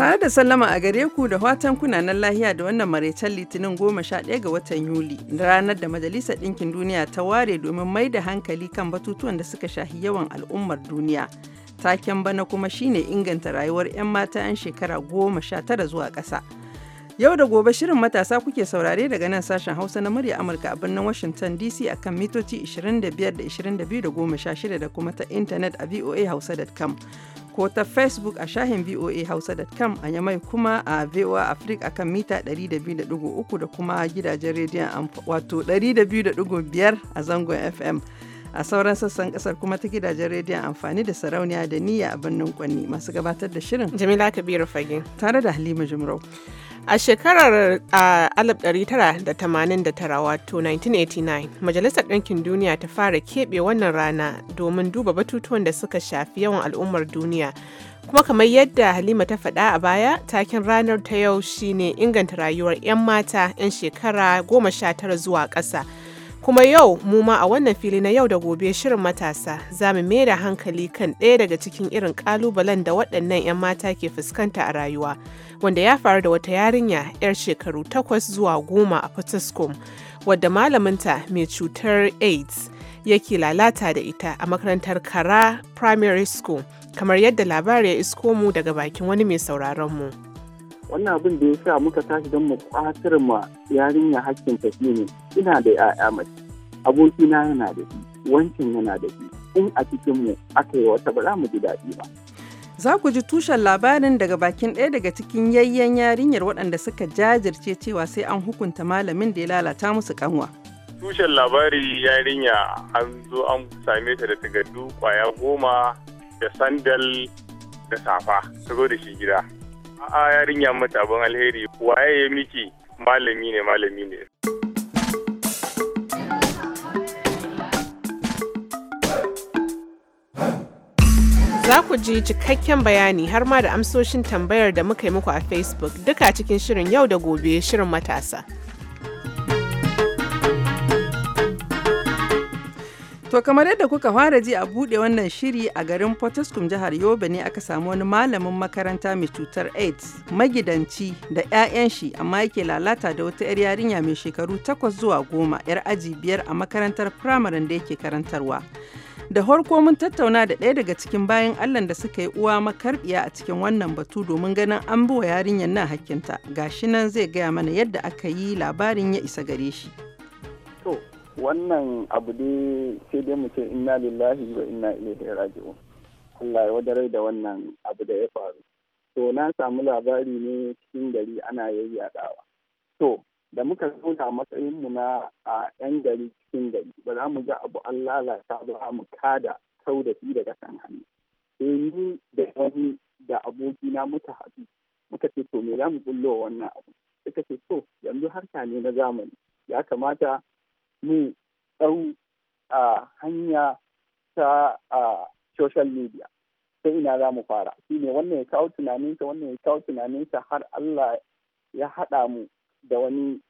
Tare da sallama a gare ku da watan kunanan lahiya da wannan maraicen litinin goma sha ɗaya ga watan Yuli, ranar da Majalisar Ɗinkin Duniya ta ware domin mai da hankali kan batutuwan da suka shahi yawan al'ummar duniya. Taken bana kuma shine inganta rayuwar 'yan mata 'yan shekara goma sha tara zuwa ƙasa. Yau da gobe shirin matasa kuke saurare daga nan sashen Hausa na murya Amurka a birnin Washington DC akan mitoci 25 da 22 da 16 da kuma ta intanet a voa voahausa.com. ko ta Facebook a shahin VOA Hausa.com a Yamai kuma a VOA Africa akan mita 200.3 da kuma gidajen rediyon wato 200.5 a zangon FM. A sauran sassan kasar kuma ta gidajen rediyon amfani da sarauniya da niyya a birnin Kwanni masu gabatar da shirin. Jamila Kabiru Fage. Tare da Halima Jumrau. A shekarar uh, 1989 wato 1989, Majalisar Ɗinkin Duniya ta fara keɓe wannan rana domin duba batutuwan da suka shafi yawan al'ummar duniya. Kuma kamar yadda Halima ta faɗa a baya, takin ranar ta yau shine inganta rayuwar 'yan mata 'yan shekara 19 zuwa ƙasa. Kuma yau mu ma a wannan fili na yau da gobe shirin matasa za mu mai da hankali kan ɗaya daga cikin irin ƙalubalen da waɗannan 'yan mata ke fuskanta a rayuwa wanda ya faru da wata yarinya 'yar shekaru takwas zuwa goma a Potoskum wadda malaminta mai cutar AIDS yake lalata da ita a makarantar Kara Primary School kamar yadda labari ya isko mu daga bakin wani mai sauraron mu. wannan abin da ya sa muka tashi don mu kwatar ma yarinya hakkin tafi ne ina da ya'ya mace abokina yana da shi wancan yana da shi in a cikin mu aka yi wata ba za mu ji daɗi ba za ku ji tushen labarin daga bakin ɗaya daga cikin yayyen yarinyar waɗanda suka jajirce cewa sai an hukunta malamin da ya lalata musu kanwa tushen labari yarinya an zo an same ta da takardu kwaya goma da sandal da safa saboda da shi gida A'a yarinya mata abin alheri waye ya miki malami ne malami ne. Za ku ji cikakken bayani har ma da amsoshin tambayar da muka yi muku a Facebook duka cikin shirin yau da gobe shirin matasa. To kamar yadda kuka fara ji a buɗe wannan shiri a garin Potoskum jihar Yobe ne aka samu wani malamin makaranta mai cutar AIDS magidanci da 'ya'yan shi amma yake lalata da wata 'yar yarinya mai shekaru takwas zuwa goma 'yar aji biyar a makarantar firamaren da yake karantarwa. Da farko mun tattauna da ɗaya daga cikin bayan Allah da suka yi uwa makarbiya a cikin wannan batu domin ganin an bi yarinyar nan hakkinta. Gashi nan zai gaya mana yadda aka yi labarin ya isa gare shi. wannan abu ne sai dai mu inna lillahi wa inna ilaihi raji'un Allah ya wadarai da wannan abu da ya faru to na samu labari ne cikin gari ana yayyadawa to da muka zauna matsayin mu na a yan gari cikin gari ba za mu ga abu an lalata ba mu kada sau da daga kan hannu sai ni da wani da abokina muka haɗu muka ce to me za mu bullo wannan abu suka ce to yanzu harka ne na zamani ya kamata mu ɗau a hanya ta a social media sai ina za mu fara shi ne wannan ya kawo tunaninsa wannan ya kawo tunaninsa har Allah ya haɗa mu da wani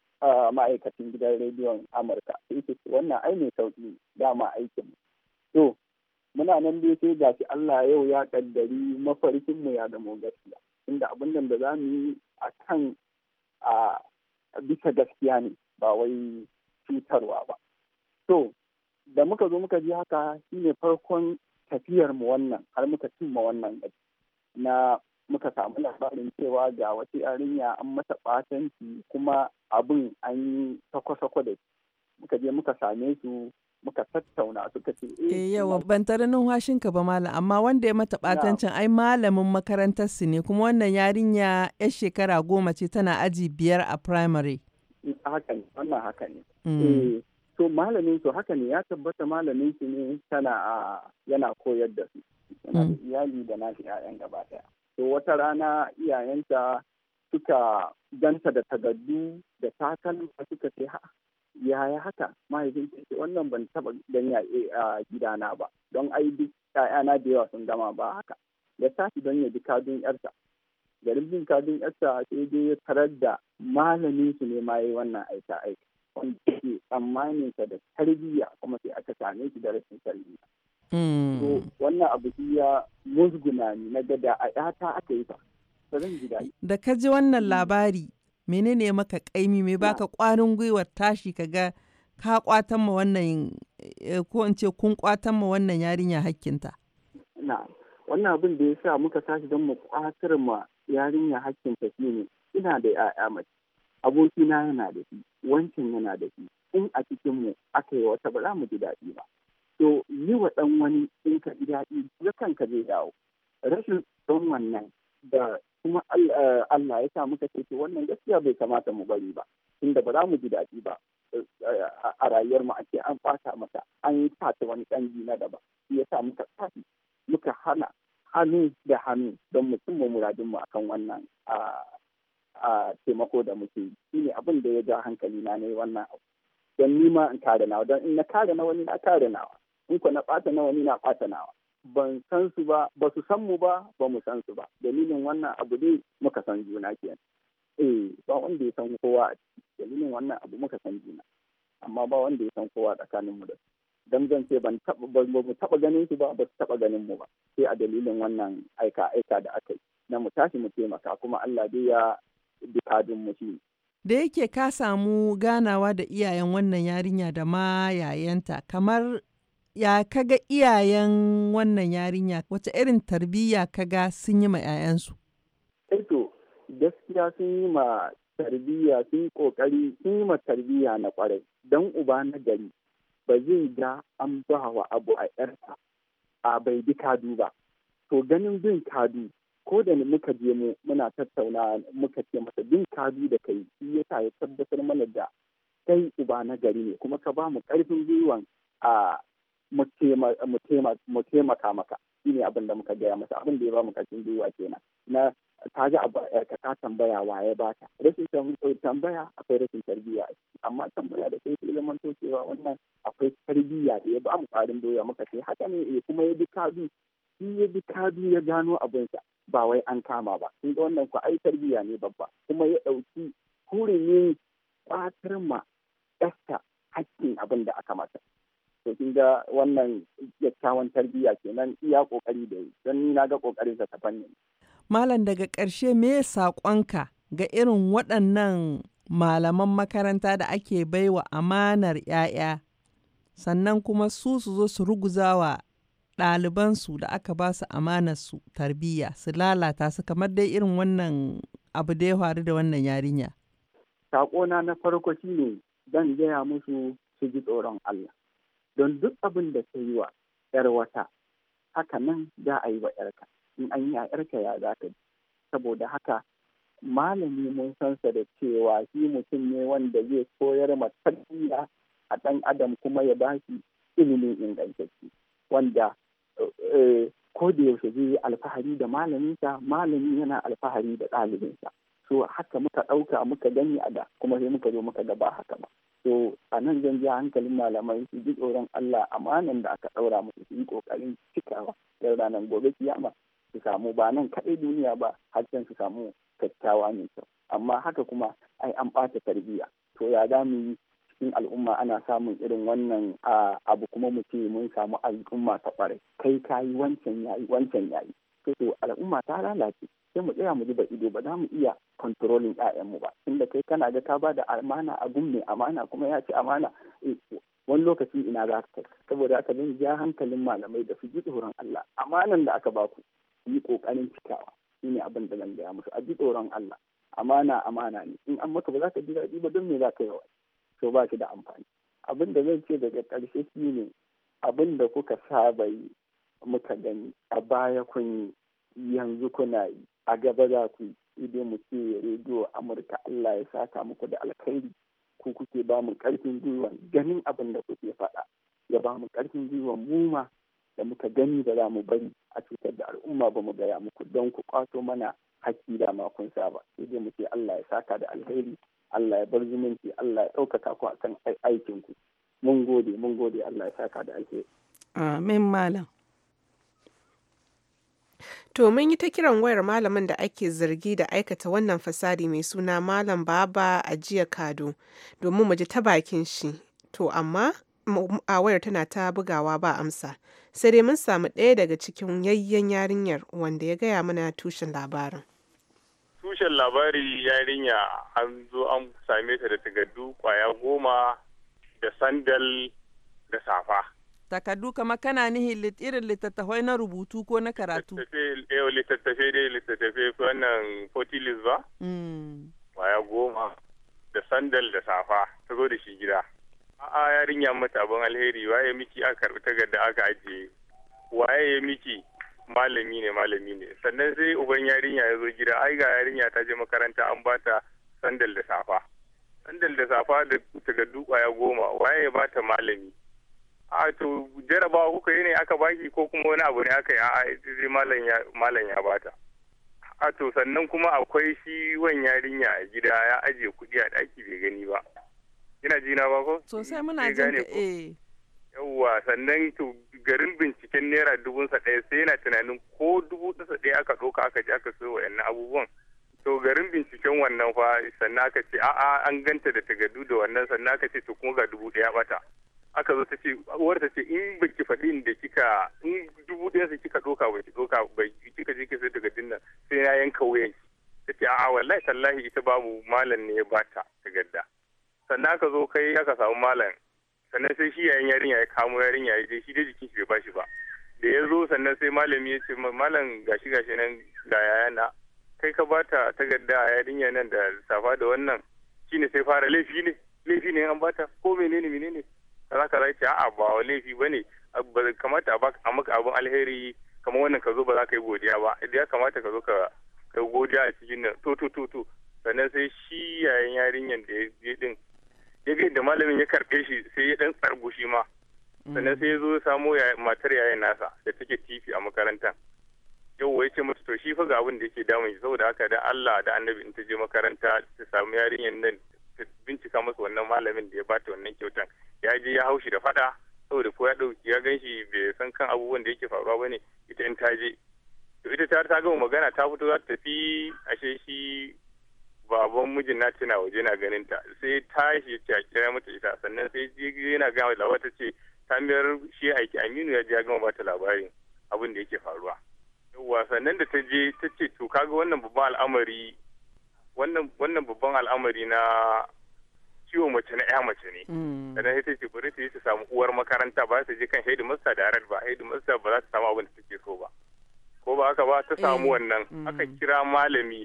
ma'aikacin gidan rediyon Amurka sai ce wannan ai mai dama aikin to muna nan dai sai ga shi Allah yau ya kaddari mafarkin mu ya zamo gaskiya inda abin da za mu yi a kan a bisa gaskiya ne ba wai cutarwa ba to da muka zo muka ji haka shine farkon tafiyar mu wannan har muka cimma wannan gaji na muka samu labarin cewa ga wata yarinya an mata batanci kuma abin an yi sako-sako da muka je muka same su muka tattauna suka ce eh, eh yawa ban tare numfashin ka ba malam amma wanda ya mata batancin ai malamin makarantar su ne kuma wannan yarinya yar shekara goma ce tana aji biyar a primary haka ne wannan haka ne mm. eh, to malamin su haka ne ya tabbata malamin su ne tana yana koyar da su yana da mm. iyali da nashi 'ya'yan gaba ɗaya to wata rana iyayenta suka ganta da tagaddu da takalma suka ce ha yaya haka mahaifin ce wannan ban taba ganya a gidana ba don ai duk ƴaƴana da yawa sun gama ba haka ya tashi don ya ji kadun yarsa garin bin kadun yarsa sai dai ya tarar da malamin su ne ma yi wannan aika aika wanda ke tsammanin sa da tarbiyya kuma sai aka same shi da rashin tarbiyya to hmm. wannan abu ya musguna ne na gada a yata aka yi ba da ka ji wannan hmm. labari menene maka kaimi me baka kwarin ah. gwiwar tashi ka ga ka kwatan ma wannan eh, ko in ce kun kwatan ma wannan yarinya hakkinta na wannan abin da ya sa muka tashi don mu kwatar ma yarinya hakkinta shine ina da ya'ya mace abokina yana da shi wancan yana da shi in a cikin mu aka yi wata ba za mu ji daɗi ba to yi wa ɗan wani in ka ji daɗi yakan ka zai dawo rashin ɗan wannan da kuma eh, Allah ya sa muka ce wannan gaskiya bai kamata mu bari ba tunda ba za mu ji daɗi ba a rayuwar mu ake an fata mata an yi ta wani ɗan na daba shi ya sa muka tafi muka hana hannu da hannu don mu cimma muradinmu akan wannan ah, a taimako da muke yi ne abin da ya ja hankali na ne wannan abu don ni ma in kare nawa don in na kare na wani na kare nawa in ko na ɓata na wani na ɓata nawa ban san su ba ba su san mu ba ba mu san su ba dalilin wannan abu ne muka san juna kenan eh ba wanda ya san kowa a ciki dalilin wannan abu muka san juna amma ba wanda ya san kowa tsakanin mu da su dan zan ce ban taba ba mu taba ganin su ba ba su taba ganin mu ba sai a dalilin wannan aika aika da aka yi na mu tashi mu taimaka kuma Allah dai ya dukadin muhim da yake ka samu ganawa da iyayen wannan yarinya da ma yayanta kamar ya kaga iyayen wannan yarinya wace irin tarbiyya kaga sun yi ma 'ya'yansu? Eto, eh gaskiya sun yi ma tarbiyya sun ƙoƙari kokari sun yi ma tarbiyya na kwarai don uba na gari ba zai ga an ba wa abu a 'yarsa a bai bi kadu ba. To ganin bin kadu ko da ni muka je mu muna tattauna muka ce masa bin bi da kai shi yasa ya tabbatar mana da kai uba na gari ne kuma ka ba mu karfin gwiwan a mu taimaka maka shi ne abin da muka gaya masa abin da ya ba mu karfin gwiwa kenan na ka ji ka ta tambaya ya ba ta rashin tambaya akwai rashin tarbiyya amma tambaya da sai sai zaman cewa wannan akwai tarbiyya da ya ba mu farin doya muka ce haka ne eh, kuma ya bi kadu shi ya bi kadu ya gano abinsa ba wai an kama ba sun ga wannan ku ai tarbiyya ne babba kuma ya ɗauki hurumin ƙwatar ma ƙasa hakkin abin da aka mata to kin ga wannan kyakkyawan tarbiyya kenan iya ƙoƙari da yi don ni na ga ƙoƙarin sa ta fannin malam daga ƙarshe me saƙonka ga irin waɗannan malaman makaranta da ake baiwa amanar 'ya'ya sannan kuma su su zo su ruguzawa ɗalibansu da aka ba su su tarbiyya su lalata su kamar dai irin wannan abu da ya faru da wannan yarinya? Saƙona na farko ne zan gaya musu su ji tsoron Allah. Don duk abin da ta yi wa ‘yar wata, haka nan za a yi wa ‘yarka. In an yi a ‘yarka ya za ta Saboda haka malami mun sansa da cewa shi mutum ne wanda zai koyar ma tarbiyya a ɗan adam kuma ya ba shi ilimin ingantacce. Wanda Eh, ko da yaushe zai yi alfahari da malaminsa malami yana alfahari da ɗalibinsa so haka muka ɗauka muka gani a da kuma sai muka zo muka gaba haka ba so a nan zan ji hankalin malamai su ji tsoron Allah amanan da aka ɗaura musu su yi ƙoƙarin cikawa yar ranar gobe kiyama su samu ba nan kaɗai duniya ba har can su samu kyakkyawa mai kyau amma haka kuma ai an ɓata tarbiyya to ya za mu yi cikin al'umma ana samun irin wannan abu kuma mu ce mun samu al'umma ta kwarai kai ka yi wancan yayi wancan yayi to al'umma ta lalace sai mu tsaya mu zuba ido ba za mu iya kontrolin mu ba inda kai kana ga ka bada amana a gumme amana kuma ya ce amana eh, wani lokaci ina za ka kai. saboda haka zan ja hankalin malamai da su ji tsoron Allah amanan da aka baku yi kokarin cikawa shine abin da zan gaya musu a ji tsoron Allah amana amana ne in an maka ba za ka ji daɗi ba don me za ka yawa so ba shi da amfani abin da zan ce daga ƙarshe shine abin da kuka saba yi muka gani a baya kun yi yanzu kuna yi a gaba za ku idan mu ce rediyo amurka allah ya saka muku da alkhairi ko kuke ba mu ƙarfin gwiwa ganin abin da kuke faɗa ya ba mu ƙarfin gwiwa mu da muka gani da za mu bari a cutar da al'umma ba mu gaya muku don ku kwato mana haƙƙi da kun saba idan mu ce allah ya saka da alkhairi Allah ya bar zumunci Allah ya ɗaukaka ku akan aikin ku mun gode mun gode Allah ya saka da alheri amin malam To mun yi ta kiran wayar malamin da ake zargi da aikata wannan fasadi mai suna Malam Baba a jiya Kado domin mu ji ta bakin shi. To amma a wayar tana ta bugawa ba amsa. Sai dai mun samu ɗaya daga cikin yayyen yarinyar wanda ya gaya mana tushen labarin. tushen labari yarinya an zo an same ta da takardu kwaya goma da sandal da safa takardu kama kana nihin irin littattafai na rubutu ko na karatu littattafe eh, dai littattafe wannan fotilis ba hmm. kwaya goma da sandal da safa ta zo da shi gida a'a yarinya mata abin alheri waye miki aka karɓi takarda aka ajiye waye ya miki malami ne malami ne sannan sai uban yarinya ya zo gida ai ga yarinya ta je makaranta an ba ta sandal da safa sandal da safa da takardu kwaya goma waye ba ta malami a to jarabawa kuka yi ne aka baki ko kuma wani abu ne aka yi a sai malam ya malam ya bata a to sannan kuma akwai shi wan yarinya a gida ya aje kuɗi a ɗaki bai gani ba kina jina ba ko sosai muna jin eh yawwa sannan to garin binciken naira sa ɗaya sai yana tunanin ko dubu ɗasa ɗaya aka ɗauka aka je aka sayo wa'annan abubuwan to garin binciken wannan fa sannan aka ce a'a an ganta da tagadu da wannan sannan aka ce to kuma ga dubu ɗaya bata aka zo ta ce uwar ta ce in baki faɗi da kika in dubu ɗaya sai kika ɗauka ba ki ɗauka ba kika je ki sayo tagadun nan sai na yanka wuyan ta ce a'a wallahi tallahi ita babu malam ne ya bata tagadda sannan aka zo kai aka samu malam sannan sai shi yayin yarinya ya kamo yarinya ya shi dai jikin shi bai bashi ba da ya zo sannan sai malami ya ce malam gashi gashi nan ga yaya na kai ka bata takarda a yarinya nan da safa da wannan shine sai fara laifi ne laifi ne an bata ko menene menene za ka rai ce a'a ba laifi bane ba kamata a maka abin alheri kamar wannan ka zo ba za ka yi godiya ba idan ya kamata ka zo ka ka godiya a cikin nan to to to to sannan sai shi yayin yarinyan da ya je din ya ga yadda malamin ya karɓe shi sai ya ɗan tsargu shi ma sannan sai ya zo ya samo matar yayin nasa da take tifi a makarantar yau ya ce mata to shi fa ga abin da yake damun shi saboda haka da Allah da annabi in ta je makaranta ta samu yarinyar nan ta bincika masa wannan malamin da ya bata wannan kyautan ya je ya haushi da fada saboda ko ya dauki ya gan shi bai san kan abubuwan da yake faruwa bane ita in ta je to ita ta ta gama magana ta fito za ta tafi ashe shi baban mijin na tana waje na ganin ta sai tashi ta kira mata ita sannan sai yana ga da ta ce tamiyar shi aiki aminu ya ji ya gama bata labarin abin da yake faruwa yawa sannan da ta je ta ce to kaga wannan babban al'amari wannan wannan babban al'amari na ciwo mace na ya mace ne mm. sannan sai ta ce bari ta yi ta samu uwar makaranta ba ta je kan haidu masta da ba haidu masta ba za ta samu abin da take so ba ko ba haka ba ta samu eh, wannan mm. aka kira malami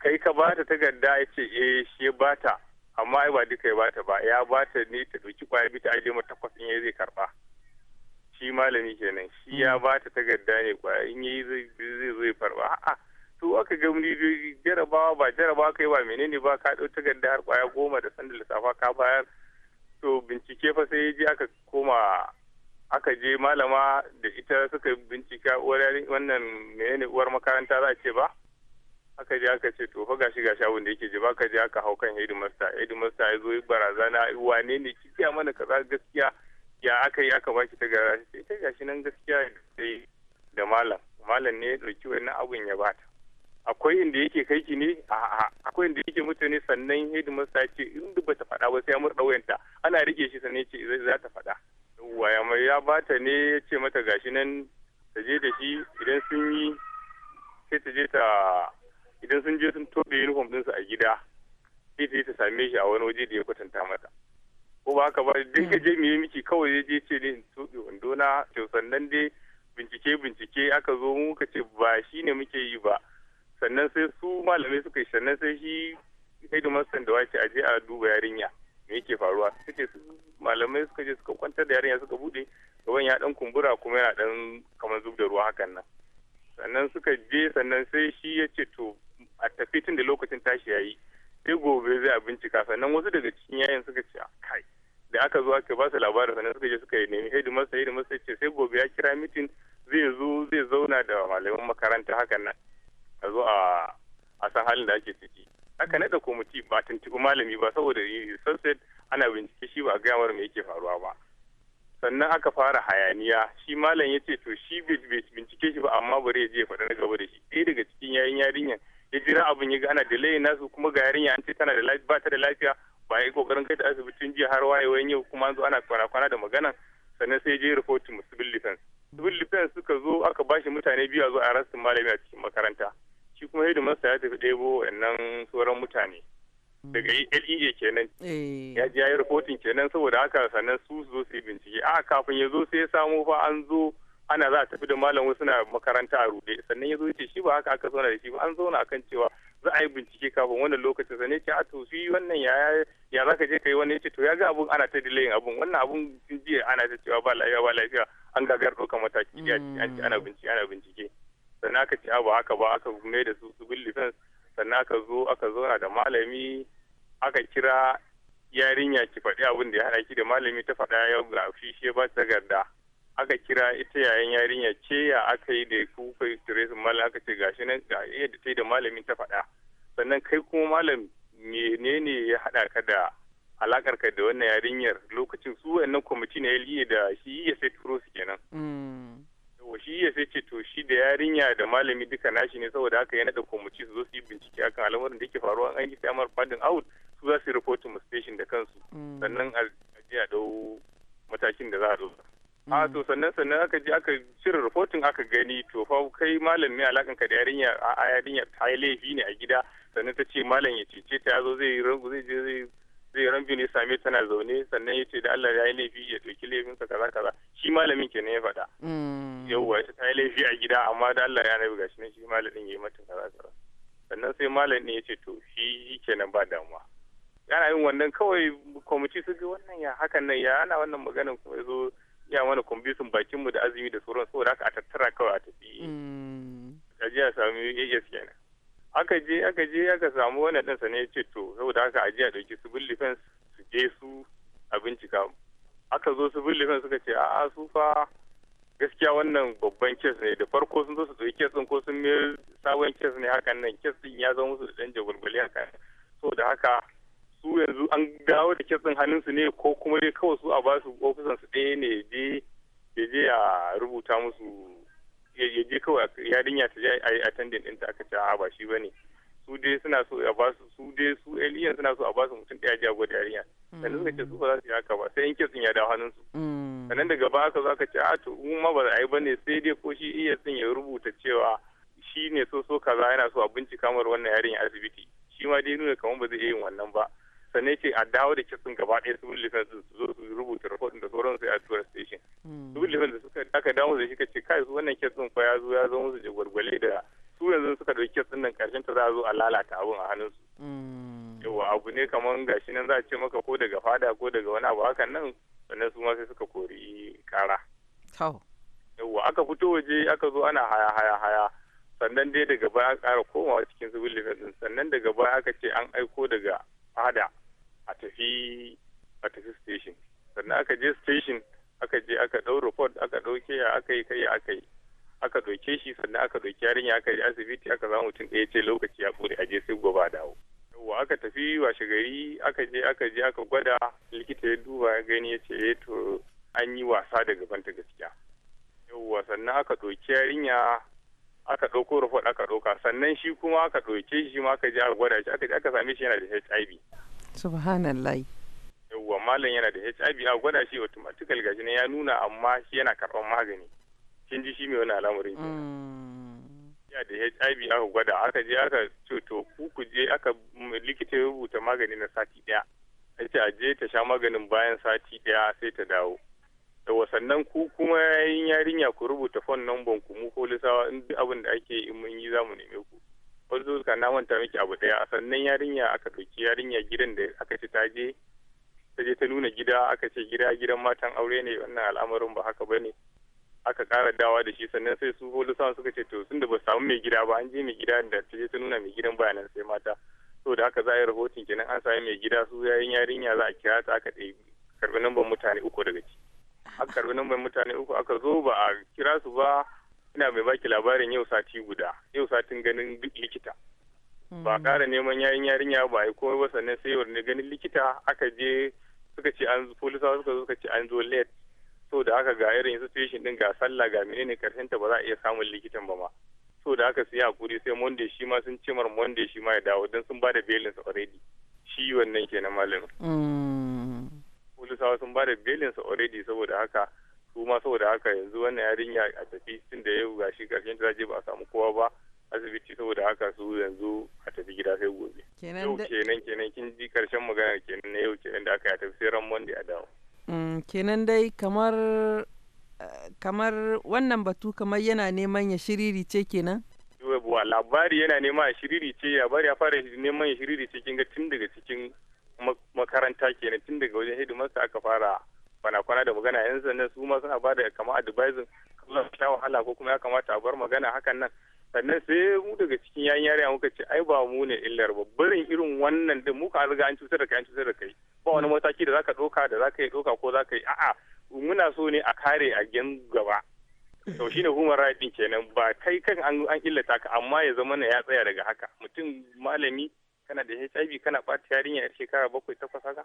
kai ka ba ta takarda ya ce eh shi ya ba ta amma ai ba duka ya ba ta ba ya ba ta ne ta ɗauki kwaya bita ta aje mata takwas in ya zai karɓa shi malami kenan shi ya ba ta takarda ne kwaya in ya zai zai farba a'a to aka ga jarabawa ba jarabawa kai ba menene ba ka ɗau takarda har kwaya goma da sanda lissafa ka bayar to bincike fa sai ya je aka koma aka je malama da ita suka bincika uwar wannan menene uwar makaranta za a ce ba aka je aka ce to fa gashi gashi abin da yake ji baka je aka hau kan headmaster headmaster ya zo barazana wane ne kiya mana kaza gaskiya ya aka yi aka baki ta gara sai ta gashi nan gaskiya da malam malam ne ya dauki wannan abun ya bata akwai inda yake kai ki ne a akwai inda yake mutane sannan headmaster ce in duk bata faɗa ba sai ya murda wayanta ana rike shi sannan ce za ta faɗa ya mai ya bata ne ya ce mata gashi nan ta je da shi idan sun yi sai ta je ta idan sun je sun tobe uniform dinsu a gida sai ta yi ta same shi a wani waje da ya kwatanta mata ko ba haka ba dai ka je miye miki kawai ya je ce ne in tobe wando na to sannan dai bincike bincike aka zo mu ka ce ba shi ne muke yi ba sannan sai su malamai suka yi sannan sai shi hidimastan da wace aje a duba yarinya me yake faruwa suke malamai suka je suka kwantar da yarinya suka bude gaban ya dan kumbura kuma yana dan kamar zub da ruwa hakan nan sannan suka je sannan sai shi ya ce to a tafi tun da lokacin tashi ya yi sai gobe zai a bincika sannan wasu daga cikin yayin suka ce kai da aka zo aka ba su labarin sannan suka je suka yi nemi hedimasta masa ce sai gobe ya kira mitin zai zo zai zauna da malaman makaranta hakan nan a zo a san halin da ake ciki aka naɗa kwamiti ba tuntuɓi malami ba saboda sunset ana bincike shi ba gaya mara me yake faruwa ba sannan aka fara hayaniya shi malam ya ce to shi bai bincike shi ba amma bari ya je faɗa na gaba da shi ɗaya daga cikin yayin yarinyar ya jira abin ya gana da layi nasu kuma ga yarinya an ce tana da lafiya ba ta da lafiya ba a yi kokarin kai ta asibitin jiya har waye wayewayen yau kuma an zo ana kwana-kwana da magana sannan sai ya je rahoton mu civil defense civil defense suka zo aka bashi mutane biyu a zo a rasu malami a cikin makaranta shi kuma masa ya tafi ɗebo wannan sauran mutane daga lea kenan eh. ya ji ya yi rahoton kenan saboda haka sannan su zo su yi bincike a kafin ya zo sai ya samo fa an zo ana za a tafi da malam wasu na makaranta a rude sannan ya zo ce shi ba haka aka zauna da shi ba an zauna akan cewa za a yi bincike kafin wannan lokacin sannan ce a to shi wannan ya ya za ka je kai wani ya ce to ya ga abun ana ta delayin abun wannan abun sun jiya ana ta cewa ba lafiya ba lafiya an gagar ɗaukar mataki da an ce ana mm. bincike ana bincike sannan aka ce ba haka ba aka mai da su civil defense sannan aka zo aka zauna da malami aka kira yarinya ki faɗi abin da ya haɗa ki da malami ta faɗa ya ga shi shi ba ta garda aka kira ita yayan yarinya ce ya aka yi da kuka yi su malam aka ce gashi nan yadda ta yi da malamin ta faɗa sannan kai kuma malam ne ne ya haɗa ka da alakar ka da wannan yarinyar lokacin su wannan kwamiti na LE da shi yi e ya sai turo su kenan. Mm. shi ya e sai ce to shi da yarinya da malami duka nashi ne saboda haka yana da kwamiti su zo su yi bincike akan al'amarin da yake faruwa an yi samar fadin out su za su yi reporting station da kansu mm. sannan a je a dawo matakin da za a zo. a to sannan sannan aka ji aka cire rahoton aka gani to fa kai malam mai alakan ka da yarinya a yarinya ta yi laifi ne a gida sannan ta ce malam ya cece ta yazo zai zai je zai zai rambi ne same tana zaune sannan ya ce da Allah ya yi laifi ya laifin ka kaza kaza shi malamin kenan ya faɗa mm. yauwa ita ta yi laifi a gida amma da Allah ya nabi gashi ne shi malamin ya yi mata kaza kaza sannan sai malam ne ya ce to shi kenan ba damuwa yana yin wannan kawai kwamiti su ga wannan ya hakan nan ya ana wannan maganin kuma ya zo iya mana kumbisun bakinmu da azumi da sauran saboda haka a tattara kawai a tafi mm. a je a sami yayyas kenan aka je aka je aka samu wani ɗansa ne ya ce to saboda haka ajiya je a ɗauki civil defense su je su a bincika aka zo civil defense suka ce a'a su fa gaskiya wannan babban kes ne da farko sun zo su ɗauki kes ɗin ko sun mai sabon kes ne hakan nan kes ɗin ya zama musu da ɗan jagwalgwali hakan saboda haka su yanzu an gawo da kitsin hannunsu ne ko kuma dai kawai su a ba su ofisan su ɗaya ne je ya je a rubuta musu ya je kawai dinya ta je a yi attendant ɗinta aka ce a ba shi ba ne su dai suna so a ba su su dai su aliyan e suna so a ba su mutum ɗaya jago da yarinya sannan mm. suka ce su ba za su yi haka ba sai in kitsin ya dawo hannunsu mm. sannan daga ba aka za ka ce a to mu ma ba za a yi ba ne sai dai ko shi iya e sun ya rubuta cewa shi ne so so kaza yana so a bincika mar wannan yarin asibiti shi ma dai nuna kamar ba zai iya yin wannan ba sannan ce a dawo da kisan gaba ɗaya civil defense su zo su rubuta rahoton da sauran sai a tura station civil hmm. defense suka aka dawo da shi ka ce kai su wannan kisan fa ya zo ya zo musu gwargwale da su yanzu suka dauki kisan nan karshen ta za a zo a lalata abun a hannun su hmm. yawa abu ne kamar gashi nan za a ce maka ko daga fada ko daga wani abu hakan nan sannan su ma sai suka kori kara yawa aka fito waje aka zo ana haya haya haya sannan dai daga baya aka ƙara komawa cikin civil defense sannan daga baya aka ce an aiko daga fada a tafi a tafi station sannan aka je station aka je aka dau report aka ɗauke ya aka yi kai aka yi aka ɗauke shi sannan aka ɗauki yarinya aka je asibiti aka zama mutum ɗaya ce lokaci ya ƙure a je sai gobe dawo yawwa aka tafi washe gari aka je aka je aka gwada likita ya duba ya gani ya ce eh, to an yi wasa da banta gaskiya yawwa sannan aka ɗauki yarinya aka ɗauko report aka ɗauka sannan shi kuma aka ɗauke shi ma aka je aka gwada shi aka je aka same shi yana da HIV subhanallah yawwa malam yana da HIV a gwada shi automatically gashi ne ya nuna amma shi yana karɓar magani kin ji shi mai wani al'amarin mm. ya da HIV aka gwada aka je aka ce to ku ku je aka likita ya rubuta magani na sati ɗaya Ita a je ta sha maganin bayan sati ɗaya sai ta dawo to sannan ku kuma yin yarinya ku rubuta fon numban ku mu ko lissawa in duk abin da ake in mun yi za neme ku wani zuwa na manta miki abu daya sannan yarinya aka ɗauki yarinya gidan da aka ce ta je ta je ta nuna gida aka ce gida gidan matan aure ne wannan al'amarin ba haka bane aka ƙara dawa da shi sannan sai su holisawan suka ce to sun da ba samu mai gida ba an je mai gida da ta je ta nuna mai gidan bayanan sai mata so da haka za a yi rahoton kenan an sami mai gida su yayin yarinya za a kira ta aka ɗebi karɓi namban mutane uku daga ciki aka karbi numbar mutane uku aka zo ba a kira su ba ina mai baki labarin yau sati guda yau satin ganin likita ba hmm. ƙara neman yayin yarinya ba yi komai ba sannan sai wani ganin likita aka je suka ce an polisawa suka zo suka ce an zo late so da aka ga irin situation din ga sallah ga menene karshen ta ba za a iya samun likitan ba ma so da aka siya hakuri sai monday shi ma sun cimar monday shi ma ya dawo don sun ba da sa already shi wannan kenan malamin hmm. polisawa sun ba da belinsa already saboda haka su ma saboda haka yanzu wannan yarinya a tafi tun da yau gashi karshen ta je ba a samu kowa ba asibiti saboda haka su yanzu a tafi gida sai gobe yau kenan kenan kin ji karshen magana kenan na yau kenan da aka yi a tafi sai ran monday a dawo mm, kenan dai kamar eh, kamar wannan batu kamar yana neman ya shiriri ce kenan labari yana neman ya shiriri ce labari ya fara neman ya shiriri ce kin ga tun daga cikin makaranta kenan tun daga wajen su aka fara bana kwana da magana yan sannan su ma suna ba da kama advising kuma sha wahala ko kuma ya kamata a bar magana hakan nan sannan sai mu daga cikin yayin yare muka ce ai ba mu ne illar ba barin irin wannan din muka riga an cutar da kai an cutar da kai ba wani mataki da zaka doka da zaka yi doka ko zaka yi a'a muna so ne a kare a gen gaba to shine human rights kenan ba kai kan an illata ka amma ya zama ya tsaya daga haka mutum malami kana da HIV kana ɓata yarinya yar shekara bakwai takwas haka.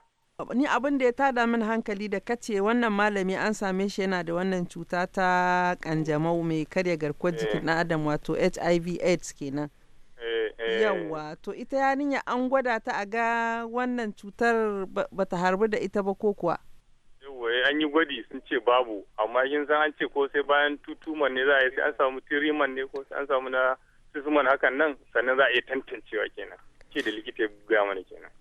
Ni abin da ya tada min hankali da kace wannan malami an same shi yana da wannan cuta ta kanjamau mai karya garkuwar eh. jikin ɗan adam wato HIV AIDS kenan. Eh, eh. Yawwa to ita yarinya an gwada ta a ga wannan cutar bata harbu da ita ba ko kuwa. Yawwa an yi gwadi sun ce babu amma yin zan an ce ko sai bayan tutuman ne za a yi sai an samu tiriman ne ko sai an samu na sisman hakan nan sannan za a iya tantancewa kenan. ke da likita ya gaya mana kenan.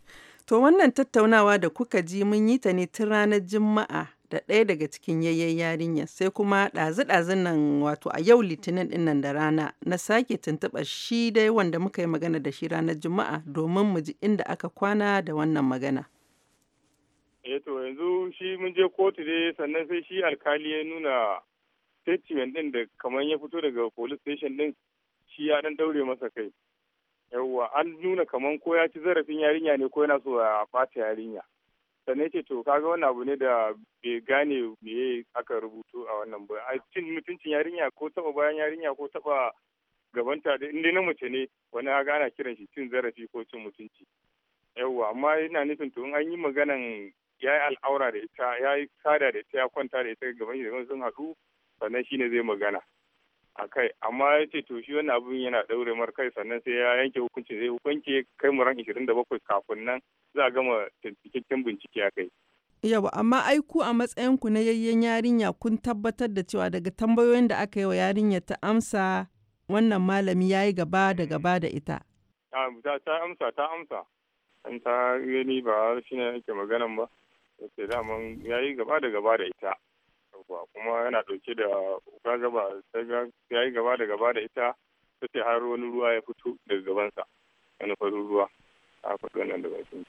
To wannan tattaunawa da kuka ji mun yi ta ne tun ranar Juma'a da ɗaya daga cikin yayyen yarinyar sai kuma ɗazu-ɗazun nan wato a yau litinin ɗin nan da rana na sake tuntuɓa shi dai wanda muka yi magana da shi ranar Juma'a domin mu ji inda aka kwana da wannan magana. Eh to yanzu shi mun je kotu dai sannan sai shi alkali ya nuna statement ɗin da kamar ya fito daga police station ɗin shi ya ɗan daure masa kai. yawwa an nuna kaman ko ya ci zarafin yarinya ne ko yana so a fata yarinya sannan ce to kaga wani abu ne da bai gane me aka rubutu a wannan ba a cin mutuncin yarinya ko taba bayan yarinya ko taba gabanta da inda na mace ne wani ya gana kiran shi cin zarafi ko cin mutunci yawwa amma yana nufin to in an yi maganan ya yi al'aura da ita ya yi sada da ita ya kwanta da ita gaban shi sun haɗu sannan shine zai magana a kai amma ya ce to shi wani abin yana ɗaure mar kai sannan sai ya yanke hukunci zai hukunci kai mu ran 27 kafin nan za a gama cikakken bincike a kai. Yau amma ai ku a ku na yayyen yarinya kun tabbatar da cewa daga tambayoyin da aka yi wa yarinya ta amsa wannan malami ya yi gaba da gaba da ita. Ta amsa ta amsa. An ta gani ba shi ne yake maganan ba. Ya ce daman ya yi gaba da gaba da ita. kuwa kuma yana dauke da uka gaba ya yi gaba da gaba da ita ta ce har wani ruwa ya fito daga gabansa wani farin ruwa a faɗi wannan da bakin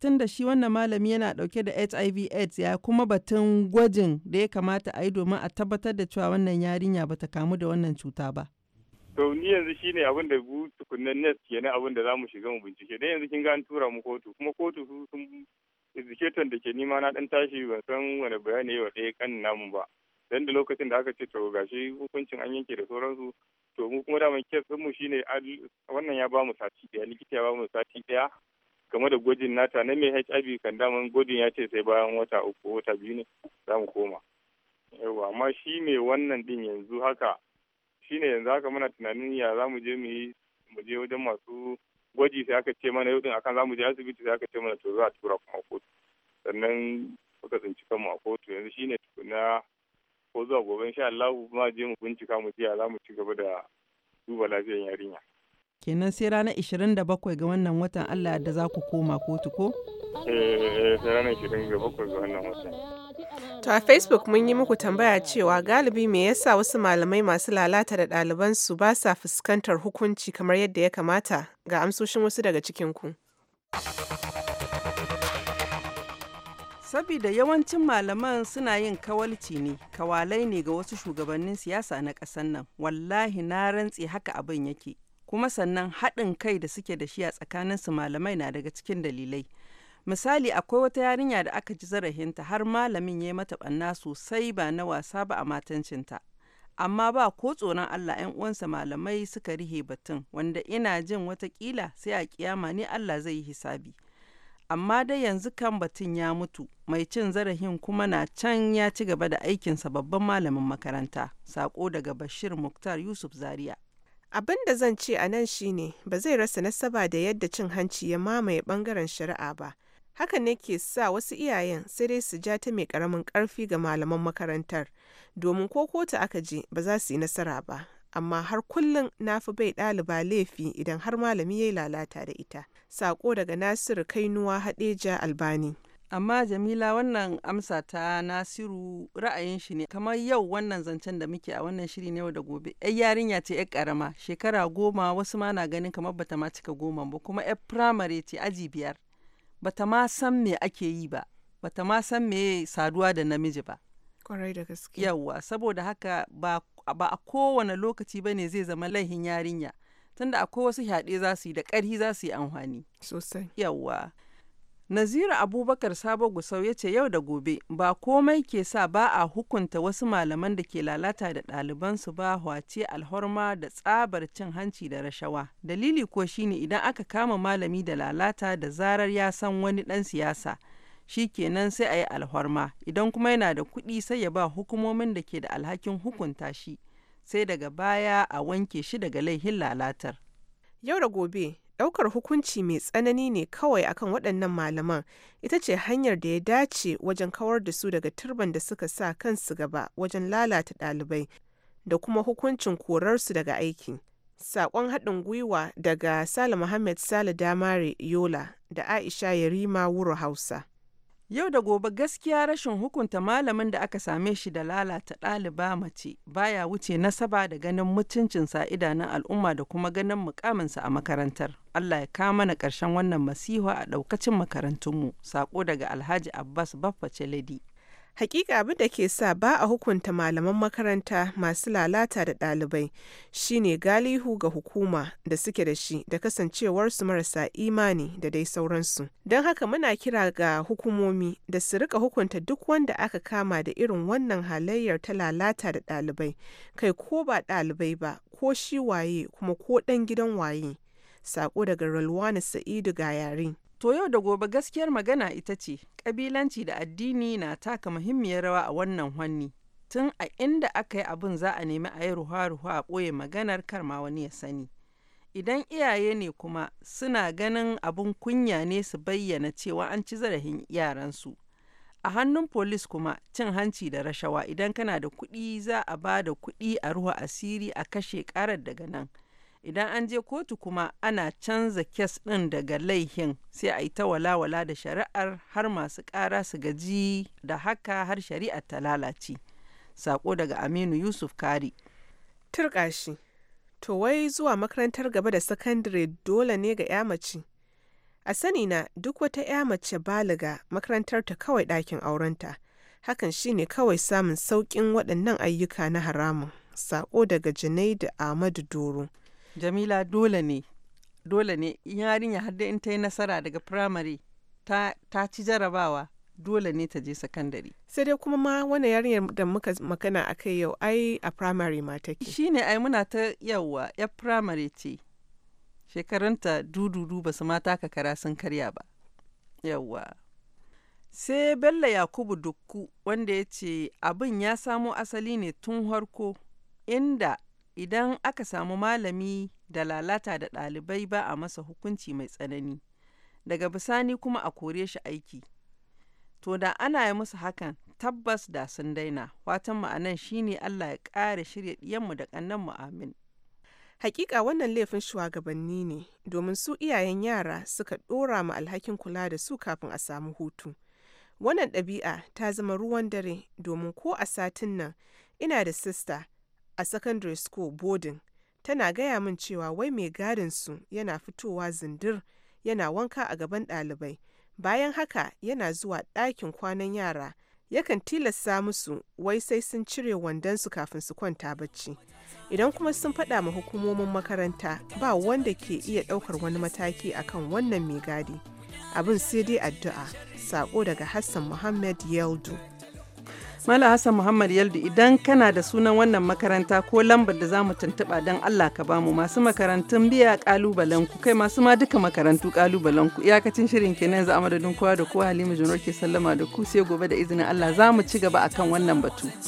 tun da shi wannan malami yana ɗauke da hiv aids ya kuma batun gwajin da ya kamata a yi domin a tabbatar da cewa wannan yarinya ba ta kamu da wannan cuta ba to ni yanzu shine abin da tukunnan ke kenan abin da zamu shiga mu bincike don yanzu kin gani tura mu kotu kuma kotu sun indicator da ke nima na dan tashi ban san wani bayani wa ɗaya kan namu ba dan da lokacin da aka ce to gashi hukuncin an yanke da sauransu to mu kuma daman kes mu shine wannan ya ba mu sati daya likita ya ba mu sati daya game da gwajin nata na mai HIV kan daman gwajin ya ce sai bayan wata uku wata biyu ne za mu koma yawa amma shi ne wannan din yanzu haka shine yanzu haka muna tunanin ya za mu je mu yi mu je wajen masu gwaji sai aka ce mana yau din akan zamu je asibiti sai aka ce mana to za a tura kuma kotu sannan muka tsinci kanmu a kotu yanzu shine tukuna ko zuwa gobe insha Allah ma je mu bincika mu jiya za mu ci gaba da duba lafiyar yarinya kenan sai ranar 27 ga wannan watan Allah da za ku koma kotu ko eh, eh, eh ranar 27 ga wannan watan To a Facebook mun yi muku tambaya cewa galibi me yasa wasu malamai masu lalata da ɗalibansu ba sa fuskantar hukunci kamar yadda ya kamata ga amsoshin wasu daga cikinku. saboda yawancin malaman suna yin kawalci ne, kawalai ne ga wasu shugabannin siyasa na ƙasar nan, wallahi na rantse haka abin yake, kuma sannan haɗin kai da suke da shi a tsakaninsu malamai na daga cikin dalilai. misali akwai wata yarinya da aka ji zarahinta har malamin ya yi mata ɓanna sosai ba na wasa ba a matancinta amma ba ko tsoron Allah ‘yan uwansa malamai suka rihe batun wanda ina jin watakila sai a kiyama ni Allah zai yi hisabi. Amma dai yanzu kan batun ya mutu, mai cin zarahin kuma na can ya ci gaba da aikinsa babban malamin makaranta, sako daga Bashir Muktar Yusuf Zaria. Abin da zan ce a nan shine ba zai rasa nasaba da yadda cin hanci ya mamaye bangaren shari'a ba, hakan ne ke sa wasu iyayen sai dai su ja ta mai karamin karfi ga malaman makarantar domin ko kotu aka je ba za su yi nasara ba amma har kullum na fi bai ɗaliba laifi idan har malami ya yi lalata da ita saƙo daga nasiru kainuwa haɗeja albani amma jamila wannan amsa ta nasiru ra'ayin shi ne kamar yau wannan zancen da muke a wannan shiri ne da gobe yar yarinya ce yar karama shekara goma wasu ma na ganin kamar bata ma cika goma ba kuma yar firamare ce aji biyar bata ma san me ake yi ba bata ma san me saduwa da namiji ba kwarai da gaske yawa saboda haka ba a kowane lokaci bane zai zama laihin yarinya tunda akwai wasu hyaɗe za su yi da ƙarhi za su yi amfani sosai yawa Naziru Abubakar Sabo Gusau ya ce yau da gobe ba komai ke sa ba a hukunta wasu malaman da ke lalata da ɗalibansu ba wace alhorma da tsabar cin hanci da rashawa. Dalili ko shine idan aka kama malami da lalata da zarar ya san wani ɗan siyasa. shi kenan sai a yi alhorma idan kuma yana da kuɗi sai ya ba hukumomin da ke da alhakin hukunta shi sai daga baya a wanke shi daga laihin lalatar. Yau da gobe ɗaukar hukunci mai tsanani ne kawai akan waɗannan malaman ita ce hanyar da ya dace wajen kawar da su daga turban da suka sa kansu gaba wajen lalata ɗalibai da kuma hukuncin korarsu daga aiki. Saƙon haɗin gwiwa daga Sale Muhammad Sale Damare Yola da Aisha Yarima Wuro Hausa. Yau da gobe gaskiya rashin hukunta malamin da aka same shi da lalata ɗaliba mace baya wuce nasaba da ganin mutuncinsa a idanun al'umma da kuma ganin mukaminsa a makarantar. Allah ya kama na ƙarshen wannan masiha a ɗaukacin makarantunmu. saƙo daga Alhaji Abbas Baffa Celedi. Hakika abin da ke sa ba a hukunta malaman makaranta masu lalata da ɗalibai shine galihu ga hukuma da suke da shi da kasancewarsu marasa imani da dai sauransu. Don haka muna kira ga hukumomi da su rika hukunta duk wanda aka kama da irin wannan halayyar ta lalata da ɗalibai, kai ko ba ɗalibai ba, ko shi waye kuma ko ɗan gidan waye. saƙo daga Rulwani Sa'idu ga yare. To yau da gobe gaskiyar magana ita ce, ƙabilanci da addini na taka muhimmiyar rawa a wannan hanni. Tun a inda aka yi abin za a nemi a yi ruwa-ruwa a ɓoye maganar kar ma wani ya sani. Idan iyaye ne kuma suna ganin abun kunya ne su bayyana cewa an ci zarafin yaransu. A hannun polis kuma cin hanci da rashawa idan kana da kuɗi za a ba da kuɗi a ruwa asiri a kashe ƙarar daga nan. idan an je kotu kuma ana canza kes ɗin daga laihin sai a yi ta walawala da shari'ar har masu ƙara su gaji da haka har shari'ar ta lalace sako daga aminu yusuf kari turƙashi to wai zuwa makarantar gaba da sakandare dole ne ga 'ya mace a sani na duk wata 'ya mace baliga makarantar ta kawai ɗakin aurenta hakan shine kawai samun sauƙin waɗannan ayyuka na haramun sako daga janai da ahmadu doro jamila dole ne dole ne yarinya har in ta yi nasara daga firamare ta, ci jarabawa dole ne ta je sakandare sai dai kuma ma wani yarinyar da muka magana a kai yau ai a firamare ma take shine ai muna ta yawa ya firamare ce shekarunta dududu ba su ma taka kara sun karya ba sai bello yakubu dukku wanda ya ce abin ya samo asali ne tun harko inda idan aka samu malami da lalata da ɗalibai ba a masa hukunci mai tsanani daga bisani kuma a kore shi aiki to da ana yi musu hakan tabbas da sun daina watan ma'anan shine Allah ya ƙara shirya ɗiyanmu da ƙannan mu amin Hakika wannan laifin shugabanni ne domin su iyayen yara suka ɗora ma alhakin kula da su kafin a samu hutu. Wannan ɗabi'a ta zama ruwan dare domin ko a satin nan ina da sista a secondary school boarding tana gaya min cewa wai mai gadinsu yana fitowa zindir yana wanka a gaban ɗalibai bayan haka yana zuwa ɗakin kwanan yara yakan tilasta musu wai sai sun cire wandonsu kafin su kwanta bacci idan kuma sun faɗa ma hukumomin makaranta ba wanda ke iya ɗaukar wani mataki akan wannan mai gadi abin sai dai addu'a saƙo daga hassan muhammad yeldu Mala Hassan Muhammad Yaldu idan kana da sunan wannan makaranta ko lambar da za mu tuntuɓa don Allah ka bamu masu makarantun biya kalubalen ku kai masu ma duka makarantu kalubalen ku iyakacin shirin kenan za a madadin kowa da kowa Halima Jonor ke sallama da ku sai gobe da izinin Allah za mu ci gaba akan wannan batu.